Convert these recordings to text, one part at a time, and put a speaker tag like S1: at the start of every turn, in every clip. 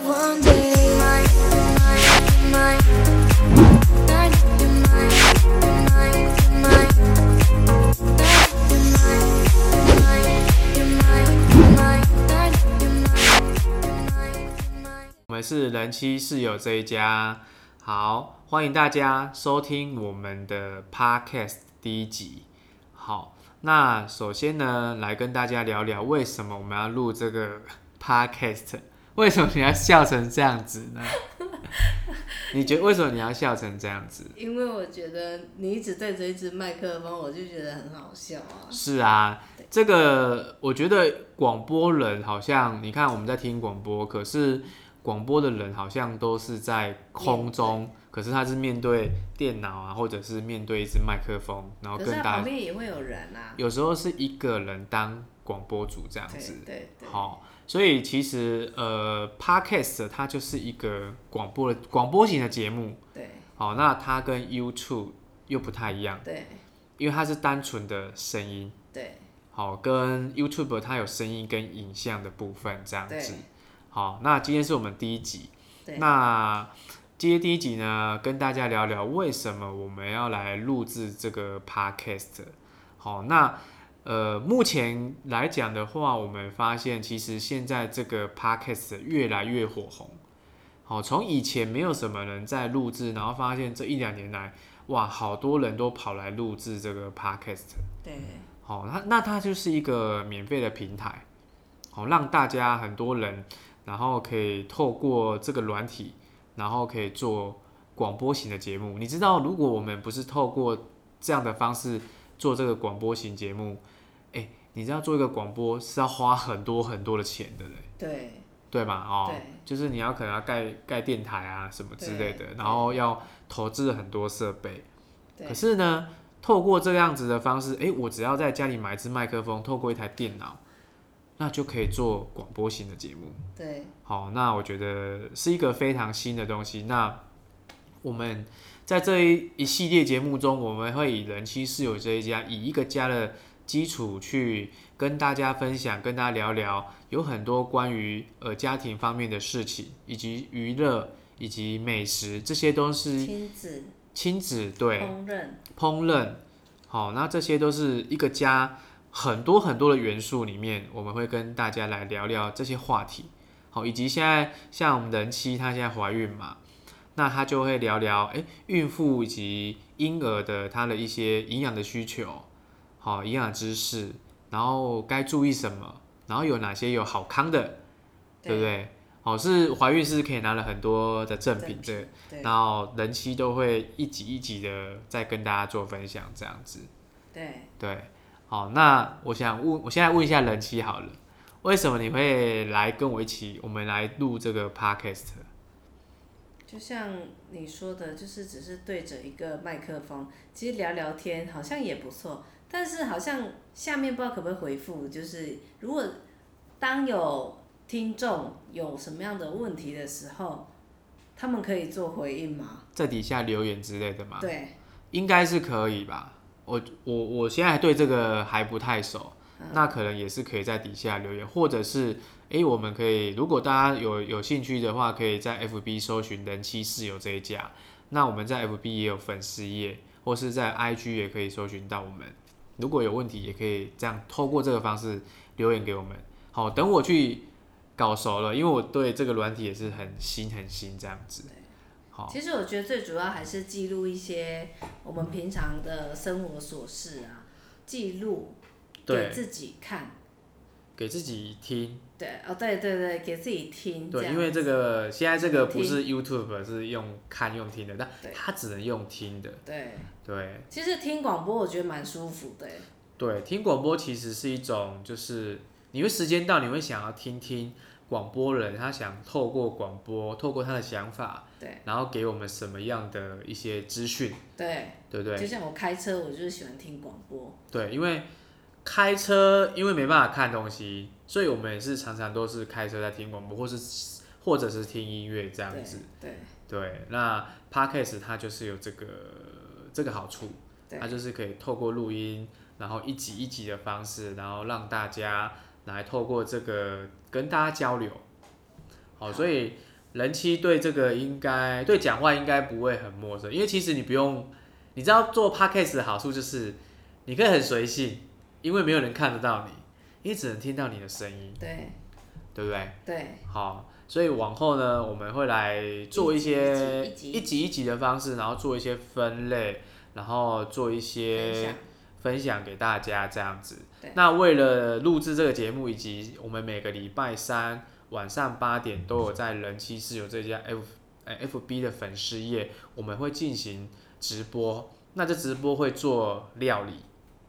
S1: 我們是人妻室友這一家，好，歡迎大家收聽我們的 Podcast 第一集。好，那首先呢，來跟大家聊聊為什麼我們要錄這個 Podcast。為什麼你要笑成這樣子呢？ 你覺得為什麼你要笑成這樣子？
S2: 因為我覺得你一直對着一支麥克風，我就覺得很好笑
S1: 啊。是啊，對這個我覺得廣播人好像，你看我們在聽廣播，可是廣播的人好像都是在空中，對可是他是面對電腦啊，或者是面對一支麥克風，然後更大。肯定也
S2: 會有人啊。有
S1: 時候是一個人當廣播主這樣子，對對，好。對所以其實，呃，Podcast 它就是一個廣播的廣播型的節目。對。好、哦，那它跟 YouTube 又不太一樣。對。因為它是單純的聲音。
S2: 對。
S1: 好、哦，跟 YouTube 它有聲音跟影像的部分這樣子。好對、哦，那今天是我們第一集。對。那今天第一集呢，跟大家聊聊為什麼我們要來錄製這個 Podcast、哦。好，那。呃，目前來講的話，我們發現其實現在這個 Podcast 越來越火紅。好、哦，從以前沒有什麼人在錄制，然後發現這一兩年來，哇，好多人都跑來錄制這個 Podcast。對。好、嗯，那、哦、那它就是一個免費的平台，好、哦、讓大家很多人，然後可以透過這個軟體，然後可以做廣播型的節目。你知道，如果我們不是透過這樣的方式。做這個廣播型節目，欸，你知道做一個廣播是要花很多很多的錢的，對，對吧？哦，對就是你要可能要蓋蓋電台啊什麼之類的，對然後要投資很多設備。對。可是呢，透過這樣子的方式，誒，欸，我只要在家裡買一支麥克風，透過一台電腦，那就可以做廣播型的節目。對。好、哦，那我覺得是一個非常新的東西。那我們。在這一一系列節目中，我們會以人妻室友這一家，以一個家的基礎去跟大家分享，跟大家聊聊，有很多關於呃家庭方面的事情，以及娛樂，以及美食，這些都是親子親子，對，烹飪、烹飪。好，那這些都是一個家很多很多的元素裡面，我們會跟大家來聊聊這些話題，好，以及現在像我們人妻她現在懷孕嘛。那他就會聊聊，哎、欸，孕婦以及嬰兒的他的一些營養的需求，好、哦，營養知識，然後該注意什麼，然後有哪些有好康的，對，對不對？哦，是懷孕是可以拿了很多的贈品，對。對，然後人妻都會一集一集的再跟大家做分享，這樣子。對對，好、哦，那我想問，我現在問一下人妻好了，嗯、為什麼你會來跟我一起，我們來錄這個 Podcast？
S2: 就像你說的，就是只是對着一個麥克風，其實聊聊天好像也不錯。但是好像下面不知道可不可以回復，就是如果當有聽眾有什麼樣的問題的時候，他們可以做回應嗎？
S1: 在底下留言之類的嗎？對，應該是可以吧。我我我現在對這個還不太熟，好那可能也是可以在底下留言，或者是。誒、欸，我們可以，如果大家有有興趣的話，可以在 F B 搜尋人妻室友這一家。那我們在 F B 也有粉絲頁，或是在 I G 也可以搜尋到我們。如果有問題，也可以這樣透過這個方式留言給我們。好，等我去搞熟了，因為我對這個軟體也是很新、很新這樣子。好，其實
S2: 我覺得最主要還是記錄一些我們平常的生活瑣事啊，記錄給自己看，
S1: 給自己聽。
S2: 對，哦，對對對，給自己聽。對，因為這
S1: 個現在這個不是 YouTube，是用看用聽的，但他只能用聽的。對。對。對，其
S2: 實聽廣播我覺得蠻舒服的。
S1: 對，聽廣播其實是一種，就是你會時間到，你會想要聽聽廣播人他想透過廣播，透過他的想法，對，然後給我們什麼樣的一些資訊？對，對不對？就像
S2: 我開車，我就是喜歡聽廣播。
S1: 對，因為。開車，因為沒辦法看東西，所以我們也是常常都是開車在聽廣播，或是或者是聽音樂這樣子。對，對，對，那 Podcast 它就是有這個這個好處，對它就是可以透過錄音，然後一集一集的方式，然後讓大家來透過這個跟大家交流。好，好，所以人妻對這個應該對講話應該不會很陌生，因為其實你不用，你知道做 Podcast 的好處就是你可以很隨性。因為沒有人看得到你，你只能聽到你的聲音，對，對不對？對，好，所以往後呢，我們會來做一些一集一集的方式，然後做一些分類，然後做一些分享給大家這樣子。那為了錄制這個節目，以及我們每個禮拜三晚上八點都有在人妻室友這家 F 呃 FB 的粉絲頁，我們會進行直播。那這直播會做料理。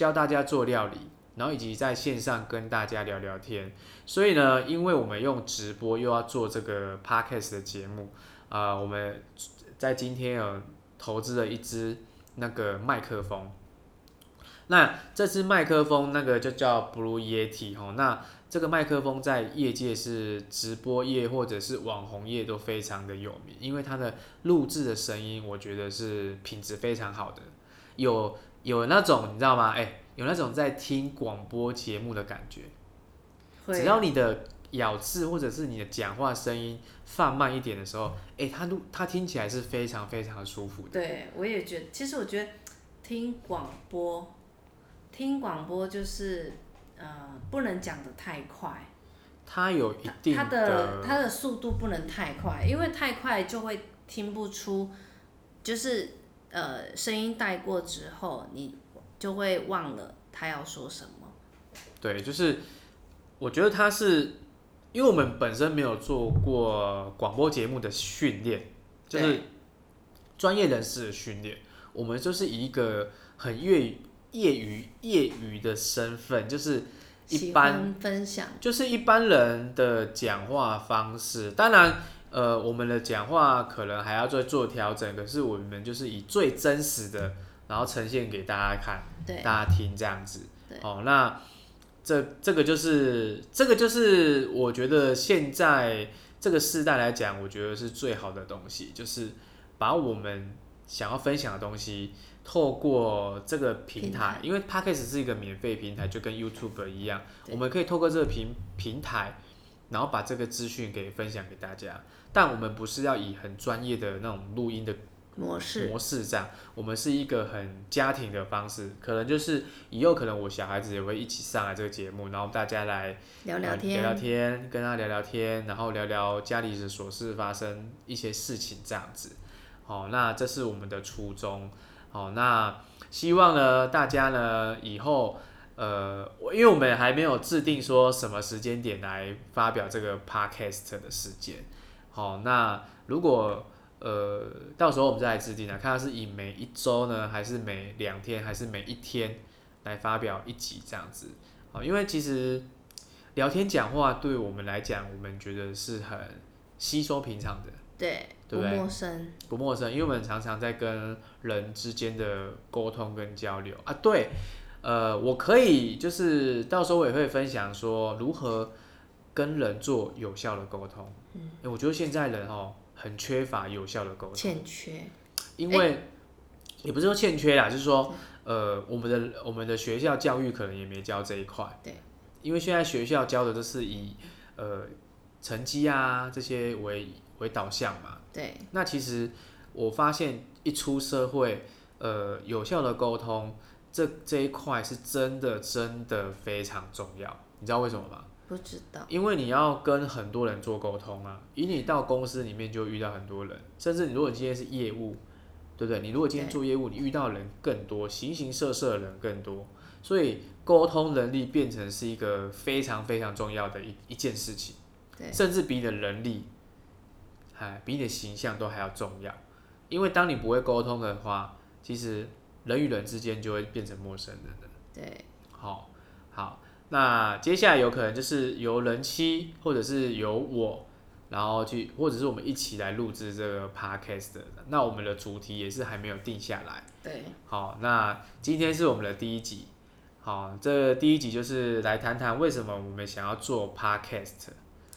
S1: 教大家做料理，然後以及在線上跟大家聊聊天。所以呢，因為我們用直播又要做這個 Podcast 的節目，啊、呃，我們在今天有、呃、投資了一支那個麥克風。那這支麥克風那個就叫 Blue Yeti、哦、那這個麥克風在業界是直播業或者是網紅業都非常的有名，因為它的錄制的聲音，我覺得是品質非常好的。有。有那種你知道嗎？哎、欸，有那種在聽廣播節目的感覺。只要你的咬字或者是你的講話聲音放慢一點的時候，哎、欸，他都他聽起來是非常非常舒服的。對，
S2: 我也覺得。其實我覺得聽廣播，聽廣播就是呃，不能講得太快。
S1: 它有一定它的它的
S2: 速度不能太快，因為太快就會聽不出，就是。呃，聲音帶過之後，你就會忘了他要說什麼。
S1: 對，就是我覺得他是因為我們本身沒有做過廣播節目的訓練，就是專業人士的訓練，啊、我們就是以一個很業餘、業餘、業餘的身份，就是一般分享，就是一般人的講話方式，當然。呃，我們的講話可能還要再做，做調整，可是我們就是以最真實的，然後呈現給大家看，對大家聽這樣子。對哦，那這這個就是這個就是我覺得現在這個時代來講，我覺得是最好的東西，就是把我們想要分享的東西，透過這個平台，平台因為 Podcast 是一個免費平台，就跟 YouTube 一樣，對我們可以透過這個平平台。然後把這個資訊給分享給大家，但我們不是要以很專業的那種錄音的模式模式這樣，式我們是一個很家庭的方式，可能就是以後可能我小孩子也會一起上來這個節目，嗯、然後大家來聊聊天、呃，聊聊天，跟他聊聊天，然後聊聊家裡的瑣事，發生一些事情這樣子。好、哦，那這是我們的初衷。好、哦，那希望呢，大家呢以後。呃，我因為我們還沒有制定說什麼時間點來發表這個 Podcast 的時間，好、哦，那如果呃到時候我們再來制定啊，看它是以每一週呢，還是每兩天，還是每一天來發表一集這樣子，好、哦，因為其實聊天講話對我們來講，我們覺得是很稀鬆平常的，
S2: 對，對吧不陌生，
S1: 不陌生，因為我們常常在跟人之間的溝通跟交流啊，對。呃，我可以就是到時候我也會分享說如何跟人做有效的溝通。嗯、欸，我覺得現在人哦、喔、很缺乏有效的溝通，欠缺。因為、欸、也不是說欠缺啦，就是說呃，我們的我們的學校教育可能也沒教這一塊。對。因為現在學校教的都是以對。呃成績啊這些為為導向嘛。對。那其實我發現一出社會，呃，有效的溝通。這這一塊是真的真的非常重要，你知道為什麼嗎？
S2: 不知道，
S1: 因為你要跟很多人做溝通啊。以你到公司裡面就遇到很多人，甚至你如果你今天是業務，對不對？你如果今天做業務，對你遇到人更多，形形色色的人更多，所以溝通能力變成是一個非常非常重要的一一件事情，對，甚至比你的能力，還比你的形象都還要重要。因為當你不會溝通的話，其實。人與人之間就會變成陌生人了。對，好，好，那接下來有可能就是由人妻，或者是由我，然後去，或者是我們一起來錄製這個 Podcast 的。那我們的主題也是還沒有定下來。對，好，那今天是我們的第一集。好，這個第一集就是來談談為什麼我們想要做 Podcast。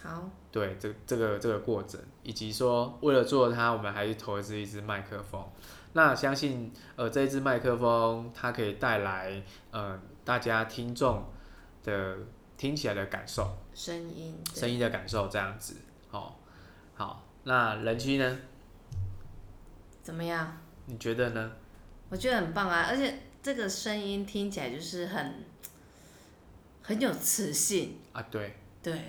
S1: 好，對，這這個這個過程，以及說為了做它，我們還是投資一支麥克風。那相信，呃，這支麥克風它可以帶來，呃，大家聽眾的聽起來的感受，
S2: 聲音，聲音的
S1: 感受這樣子，好，哦，好，那人氣呢？
S2: 怎麼樣？
S1: 你覺得呢？
S2: 我覺得很棒啊，而且這個聲音聽起來就是很很有磁性啊，對，對。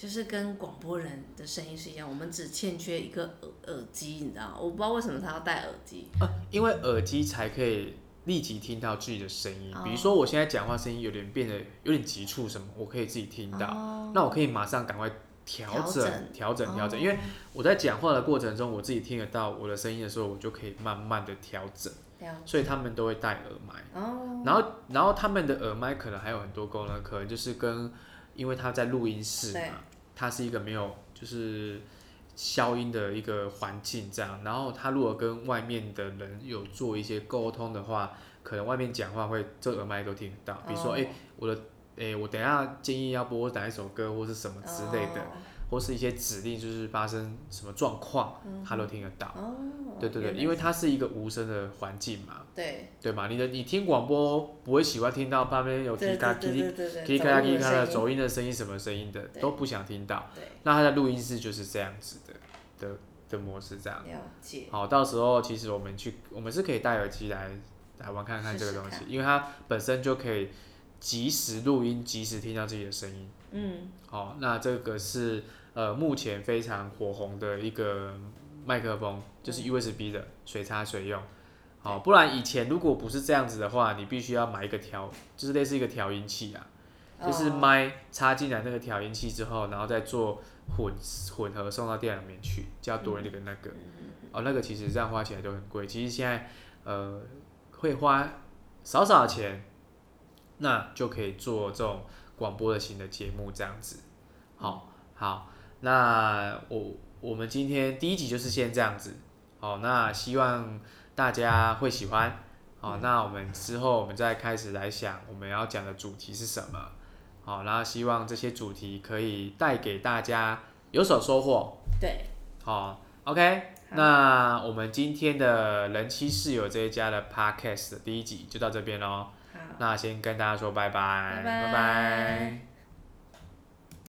S2: 就是跟廣播人的聲音是一樣，我們只欠缺一個耳耳機，你知道嗎？我不知道為什麼他要戴耳機、
S1: 呃、因為耳機才可以立即聽到自己的聲音。哦、比如說我現在講話聲音有點變得有點急促什麼，我可以自己聽到，哦、那我可以馬上趕快調整調整調整，因為我在講話的過程中，我自己聽得到我的聲音的時候，我就可以慢慢的調整。了解。所以他們都會戴耳麥，哦、然後然後他們的耳麥可能還有很多功能，可能就是跟因為他在錄音室嘛。嗯它是一個沒有就是消音的一個環境，這樣。然後他如果跟外面的人有做一些溝通的話，可能外面講話會這個麥都聽得到。比如說，哎、oh.，我的，哎，我等一下建議要播哪一首歌，或是什麼之類的。Oh. 或是一些指令，就是發生什麼狀況，它都聽得到。對對對，因為它是一個無聲的環境嘛。對對嘛，你的、你聽廣播不會喜歡聽到旁邊有滴滴滴滴滴滴滴滴的走音的聲音，什麼聲音的都不想聽到。對，那它的錄音室就是這樣子的的、的模式這樣。了解。好，到時候其實我們去，我們是可以戴耳機來來玩看看這個東西，因為它本身就可以即時錄音，即時聽到自己的聲音。嗯。好，那這個是。呃，目前非常火紅的一個麥克風，就是 USB 的，隨插隨用。好，不然以前如果不是這樣子的話，你必須要買一個調，就是類似一個調音器啊，就是麥插進來那個調音器之後，然後再做混混合送到電腦裡面去，就要多一個那個。嗯、哦，那個其實這樣花起來就很貴。其實現在，呃，會花少少的錢，那就可以做這種廣播的型的節目這樣子。好，好。那我我們今天第一集就是先這樣子，好，那希望大家會喜歡，好，嗯、那我們之後我們再開始來想我們要講的主題是什麼？好，然後希望這些主題可以帶給大家有所收穫，對，好，OK，好，那我們今天的《人妻室友》這一家的 podcast 的第一集就到這邊嘍。好那先跟大家說拜拜，拜拜。拜拜拜拜。